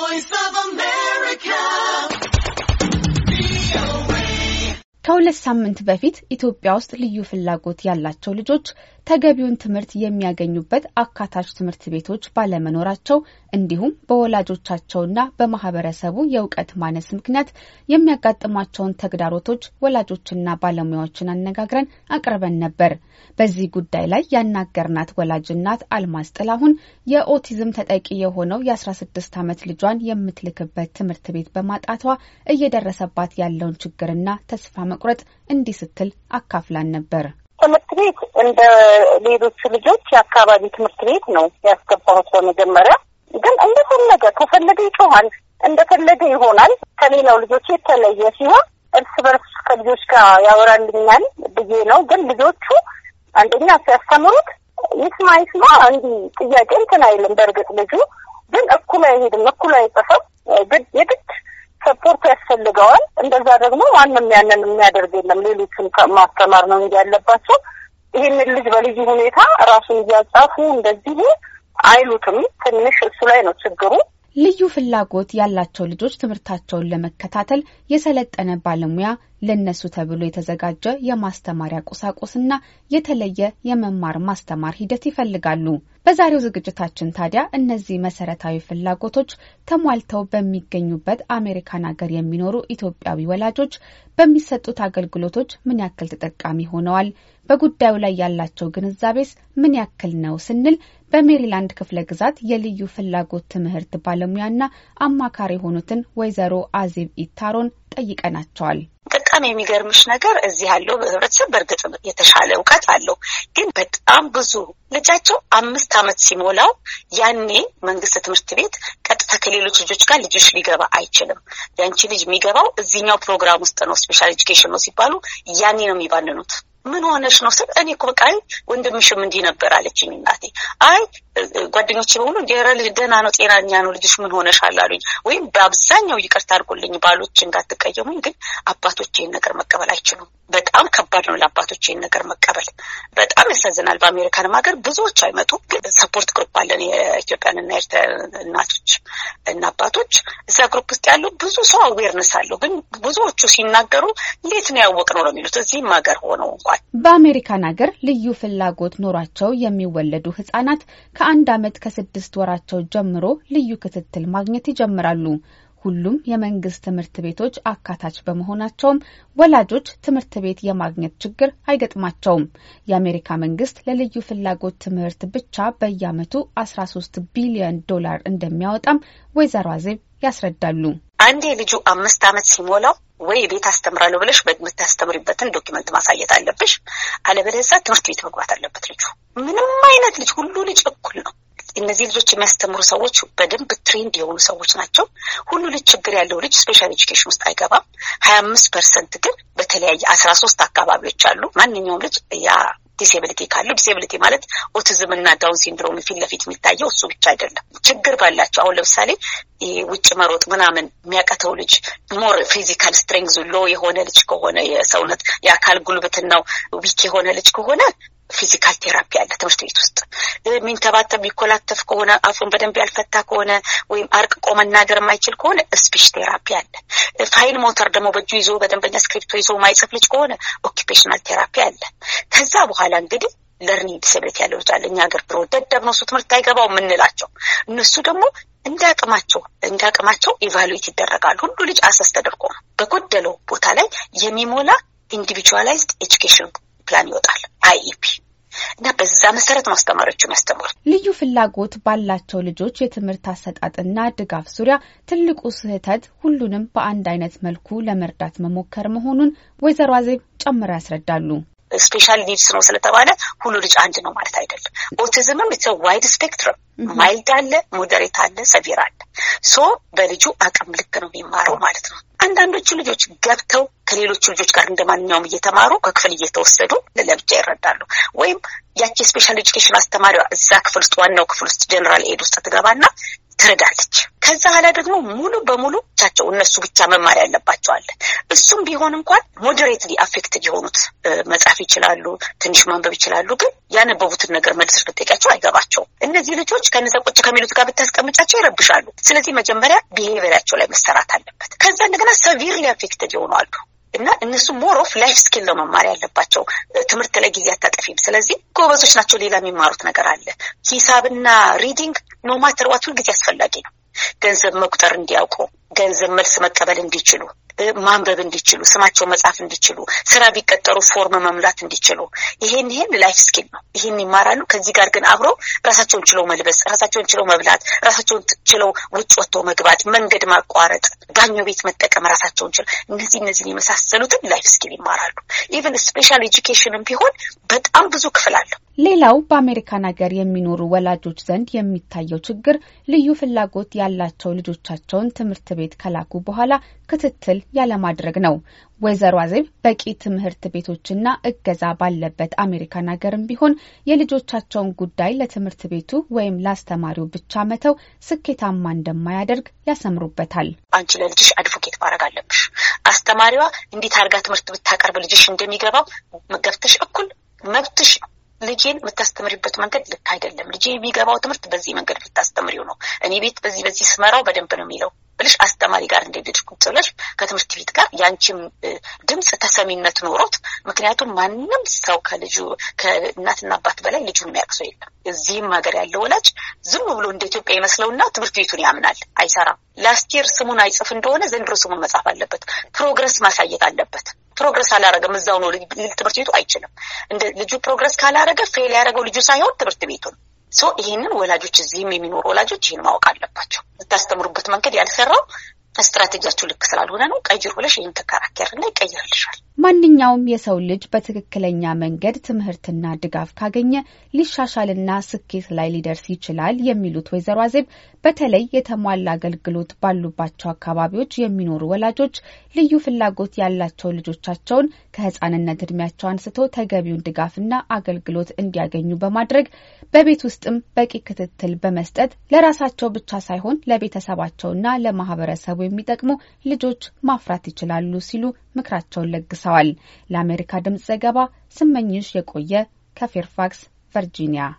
voice of America. ከሁለት ሳምንት በፊት ኢትዮጵያ ውስጥ ልዩ ፍላጎት ያላቸው ልጆች ተገቢውን ትምህርት የሚያገኙበት አካታች ትምህርት ቤቶች ባለመኖራቸው እንዲሁም በወላጆቻቸውና በማህበረሰቡ የእውቀት ማነስ ምክንያት የሚያጋጥሟቸውን ተግዳሮቶች ወላጆችና ባለሙያዎችን አነጋግረን አቅርበን ነበር። በዚህ ጉዳይ ላይ ያናገርናት ወላጅናት አልማዝ ጥላሁን የኦቲዝም ተጠቂ የሆነው የ16 ዓመት ልጇን የምትልክበት ትምህርት ቤት በማጣቷ እየደረሰባት ያለውን ችግርና ተስፋ መቁረጥ እንዲህ ስትል አካፍላን ነበር። ትምህርት ቤት እንደ ሌሎቹ ልጆች የአካባቢ ትምህርት ቤት ነው ያስገባሁት። በመጀመሪያ ግን እንደፈለገ ከፈለገ ይጮሃል፣ እንደፈለገ ይሆናል። ከሌላው ልጆች የተለየ ሲሆን እርስ በርስ ከልጆች ጋር ያወራልኛል ብዬ ነው። ግን ልጆቹ አንደኛ ሲያስተምሩት ይስማ ይስማ እንዲህ ጥያቄ እንትን አይልም። በእርግጥ ልጁ ግን እኩል አይሄድም፣ እኩል አይጽፍም። የግድ ሰፖርት ያስፈልገዋል። እንደዛ ደግሞ ማንም ያንን የሚያደርግ የለም። ሌሎችን ማስተማር ነው እንጂ ያለባቸው ይህንን ልጅ በልዩ ሁኔታ ራሱን እያጻፉ እንደዚሁ አይሉትም። ትንሽ እሱ ላይ ነው ችግሩ። ልዩ ፍላጎት ያላቸው ልጆች ትምህርታቸውን ለመከታተል የሰለጠነ ባለሙያ ለነሱ ተብሎ የተዘጋጀ የማስተማሪያ ቁሳቁስና የተለየ የመማር ማስተማር ሂደት ይፈልጋሉ። በዛሬው ዝግጅታችን ታዲያ እነዚህ መሰረታዊ ፍላጎቶች ተሟልተው በሚገኙበት አሜሪካን ሀገር የሚኖሩ ኢትዮጵያዊ ወላጆች በሚሰጡት አገልግሎቶች ምን ያክል ተጠቃሚ ሆነዋል፣ በጉዳዩ ላይ ያላቸው ግንዛቤስ ምን ያክል ነው ስንል በሜሪላንድ ክፍለ ግዛት የልዩ ፍላጎት ትምህርት ባለሙያና አማካሪ የሆኑትን ወይዘሮ አዜብ ኢታሮን ጠይቀናቸዋል። በጣም የሚገርምሽ ነገር እዚህ ያለው ህብረተሰብ በእርግጥ የተሻለ እውቀት አለው፣ ግን በጣም ብዙ ልጃቸው አምስት ዓመት ሲሞላው ያኔ መንግስት ትምህርት ቤት ቀጥታ ከሌሎች ልጆች ጋር ልጆች ሊገባ አይችልም። ያንቺ ልጅ የሚገባው እዚህኛው ፕሮግራም ውስጥ ነው፣ ስፔሻል ኤጁኬሽን ነው ሲባሉ ያኔ ነው የሚባንኑት። ምን ሆነሽ ነው ስል እኔ እኮ በቃ አይ ወንድምሽም እንዲህ ነበር አለችኝ እናቴ። አይ ጓደኞች በሙሉ ኧረ ልጅ ደህና ነው፣ ጤናኛ ነው፣ ልጅሽ ምን ሆነሻል አሉኝ። ወይም በአብዛኛው ይቅርታ አድርጎልኝ ባሎች እንዳትቀየሙኝ፣ ግን አባቶች ይህን ነገር መቀበል አይችሉም። በጣም ከባድ ነው ለአባቶች ይህን ነገር መቀበል። በጣም ያሳዝናል። በአሜሪካንም ሀገር ብዙዎች አይመጡ፣ ግን ሰፖርት ግሩፕ አለን የኢትዮጵያን የኢትዮጵያንና ኤርትራ እናቶች እና አባቶች። እዛ ግሩፕ ውስጥ ያሉ ብዙ ሰው አዌርነስ አለው፣ ግን ብዙዎቹ ሲናገሩ ሌት ነው ያወቅ ነው የሚሉት። እዚህም ሀገር ሆነው እንኳን በአሜሪካን ሀገር ልዩ ፍላጎት ኖሯቸው የሚወለዱ ህጻናት ከአንድ ዓመት ከስድስት ወራቸው ጀምሮ ልዩ ክትትል ማግኘት ይጀምራሉ። ሁሉም የመንግስት ትምህርት ቤቶች አካታች በመሆናቸውም ወላጆች ትምህርት ቤት የማግኘት ችግር አይገጥማቸውም። የአሜሪካ መንግስት ለልዩ ፍላጎት ትምህርት ብቻ በየዓመቱ 13 ቢሊዮን ዶላር እንደሚያወጣም ወይዘሮ አዜብ ያስረዳሉ። አንዴ ልጁ አምስት ዓመት ሲሞላው ወይ ቤት አስተምራለሁ ብለሽ የምታስተምሪበትን ዶኪመንት ማሳየት አለብሽ። አለበለዚያ ትምህርት ቤት መግባት አለበት ልጁ። ምንም አይነት ልጅ ሁሉ ልጅ እኩል ነው። እነዚህ ልጆች የሚያስተምሩ ሰዎች በደንብ ትሬንድ የሆኑ ሰዎች ናቸው። ሁሉ ልጅ ችግር ያለው ልጅ ስፔሻል ኤጁኬሽን ውስጥ አይገባም። ሀያ አምስት ፐርሰንት ግን በተለያየ አስራ ሶስት አካባቢዎች አሉ። ማንኛውም ልጅ ያ ዲሴብሊቲ ካለው ዲሴብሊቲ ማለት ኦቲዝም እና ዳውን ሲንድሮም ፊት ለፊት የሚታየው እሱ ብቻ አይደለም። ችግር ባላቸው አሁን ለምሳሌ ውጭ መሮጥ ምናምን የሚያቀተው ልጅ ሞር ፊዚካል ስትሬንግዝ ሎ የሆነ ልጅ ከሆነ የሰውነት የአካል ጉልበትናው ዊክ የሆነ ልጅ ከሆነ ፊዚካል ቴራፒ አለ ትምህርት ቤት ውስጥ። የሚንተባተብ የሚኮላተፍ ከሆነ አፉን በደንብ ያልፈታ ከሆነ ወይም አርቅቆ መናገር የማይችል ከሆነ ስፒች ቴራፒ አለ። ፋይል ሞተር ደግሞ በእጁ ይዞ በደንበኛ ስክሪፕቶ ይዞ ማይጽፍ ልጅ ከሆነ ኦኪፔሽናል ቴራፒ አለ። ከዛ በኋላ እንግዲህ ለርኒንግ ዲስብሊቲ ያለው ልጅ አለ። እኛ ሀገር ድሮ ደደብ ነው እሱ ትምህርት አይገባው የምንላቸው እነሱ ደግሞ እንደ አቅማቸው እንደ አቅማቸው ኢቫሉዌት ይደረጋል። ሁሉ ልጅ አሰስ ተደርጎ ነው በጎደለው ቦታ ላይ የሚሞላ ኢንዲቪጁዋላይዝድ ኤጁኬሽን ፕላን ይወጣል አይኢፒ እና በዛ መሰረት ማስተማሪዎቹ ያስተምሩ። ልዩ ፍላጎት ባላቸው ልጆች የትምህርት አሰጣጥና ድጋፍ ዙሪያ ትልቁ ስህተት ሁሉንም በአንድ አይነት መልኩ ለመርዳት መሞከር መሆኑን ወይዘሮ አዜብ ጨምረው ያስረዳሉ። ስፔሻል ኒድስ ነው ስለተባለ ሁሉ ልጅ አንድ ነው ማለት አይደለም። ኦቲዝምም ኢትስ ዋይድ ስፔክትረም ማይልድ አለ፣ ሞደሬት አለ፣ ሰቪር አለ። ሶ በልጁ አቅም ልክ ነው የሚማረው ማለት ነው። አንዳንዶቹ ልጆች ገብተው ከሌሎቹ ልጆች ጋር እንደማንኛውም እየተማሩ ከክፍል እየተወሰዱ ለብቻ ይረዳሉ። ወይም ያቺ ስፔሻል ኤጁኬሽን አስተማሪዋ እዛ ክፍል ውስጥ ዋናው ክፍል ውስጥ ጀነራል ኤድ ውስጥ ትገባና ትረዳለች። ከዛ ኋላ ደግሞ ሙሉ በሙሉ ቻቸው እነሱ ብቻ መማር ያለባቸዋለን። እሱም ቢሆን እንኳን ሞዴሬትሊ አፌክትድ የሆኑት መጻፍ ይችላሉ፣ ትንሽ ማንበብ ይችላሉ። ግን ያነበቡትን ነገር መልሰሽ ብትጠይቂያቸው አይገባቸውም። እነዚህ ልጆች ከነዛ ቁጭ ከሚሉት ጋር ብታስቀምጫቸው ይረብሻሉ። ስለዚህ መጀመሪያ ቢሄቪራቸው ላይ መሰራት አለበት። ከዛ እንደገና ሰቪርሊ አፌክትድ የሆኑ አሉ እና እነሱ ሞር ኦፍ ላይፍ ስኪል ነው መማር ያለባቸው። ትምህርት ላይ ጊዜ አታጠፊም። ስለዚህ ጎበዞች ናቸው። ሌላ የሚማሩት ነገር አለ። ሂሳብና ሪዲንግ ኖ ዋት ሁልጊዜ አስፈላጊ ነው። ገንዘብ መቁጠር እንዲያውቁ፣ ገንዘብ መልስ መቀበል እንዲችሉ፣ ማንበብ እንዲችሉ፣ ስማቸው መጻፍ እንዲችሉ፣ ስራ ቢቀጠሩ ፎርም መምላት እንዲችሉ፣ ይሄን ይሄን ላይፍ ስኪል ነው። ይሄን ይማራሉ። ከዚህ ጋር ግን አብሮ ራሳቸውን ችለው መልበስ፣ ራሳቸውን ችለው መብላት፣ ራሳቸውን ችለው ውጭ ወጥቶ መግባት፣ መንገድ ማቋረጥ፣ ባኞ ቤት መጠቀም ራሳቸውን ችለው እነዚህ እነዚህን የመሳሰሉትን ላይፍ ስኪል ይማራሉ። ኢቨን ስፔሻል ኤጁኬሽንም ቢሆን በጣም ብዙ ክፍል አለው። ሌላው በአሜሪካን ሀገር የሚኖሩ ወላጆች ዘንድ የሚታየው ችግር ልዩ ፍላጎት ያላቸው ልጆቻቸውን ትምህርት ቤት ከላኩ በኋላ ክትትል ያለማድረግ ነው። ወይዘሮ አዜብ በቂ ትምህርት ቤቶችና እገዛ ባለበት አሜሪካን ሀገርም ቢሆን የልጆቻቸውን ጉዳይ ለትምህርት ቤቱ ወይም ለአስተማሪው ብቻ መተው ስኬታማ እንደማያደርግ ያሰምሩበታል። አንቺ ለልጅሽ አድቮኬት ማድረግ አለብሽ። አስተማሪዋ እንዴት አድርጋ ትምህርት ብታቀርብ ልጅሽ እንደሚገባው መገብተሽ እኩል መብትሽ ልጄን የምታስተምሪበት መንገድ ልክ አይደለም፣ ልጄ የሚገባው ትምህርት በዚህ መንገድ ብታስተምሪው ነው እኔ ቤት በዚህ በዚህ ስመራው በደንብ ነው የሚለው ብልሽ አስተማሪ ጋር እንደሄድሽ ቁጭ ብለሽ ከትምህርት ቤት ጋር ያንቺም ድምፅ ተሰሚነት ኖሮት። ምክንያቱም ማንም ሰው ከልጁ ከእናትና አባት በላይ ልጁን የሚያቅሰው የለም። እዚህም ሀገር ያለው ወላጅ ዝም ብሎ እንደ ኢትዮጵያ ይመስለውና ትምህርት ቤቱን ያምናል። አይሰራም። ላስት ስሙን አይጽፍ እንደሆነ ዘንድሮ ስሙን መጻፍ አለበት። ፕሮግረስ ማሳየት አለበት። ፕሮግረስ አላረገም እዛው ነው ትምህርት ቤቱ አይችልም። እንደ ልጁ ፕሮግረስ ካላረገ ፌል ያደረገው ልጁ ሳይሆን ትምህርት ቤቱ ሶ ይህንን ወላጆች እዚህም የሚኖሩ ወላጆች ይህን ማወቅ አለባቸው። የምታስተምሩበት መንገድ ያልሰራው ስትራቴጂያችሁ ልክ ስላልሆነ ነው። ቀይር ብለሽ ይህን ተከራከርና ይቀይርልሻል። ማንኛውም የሰው ልጅ በትክክለኛ መንገድ ትምህርትና ድጋፍ ካገኘ ሊሻሻልና ስኬት ላይ ሊደርስ ይችላል የሚሉት ወይዘሮ አዜብ በተለይ የተሟላ አገልግሎት ባሉባቸው አካባቢዎች የሚኖሩ ወላጆች ልዩ ፍላጎት ያላቸው ልጆቻቸውን ከህጻንነት እድሜያቸው አንስቶ ተገቢውን ድጋፍና አገልግሎት እንዲያገኙ በማድረግ በቤት ውስጥም በቂ ክትትል በመስጠት ለራሳቸው ብቻ ሳይሆን ለቤተሰባቸውና ለማህበረሰቡ የሚጠቅሙ ልጆች ማፍራት ይችላሉ ሲሉ ምክራቸውን ለግሰዋል። ደርሰዋል። ለአሜሪካ ድምፅ ዘገባ ስመኝሽ የቆየ ከፌርፋክስ ቨርጂኒያ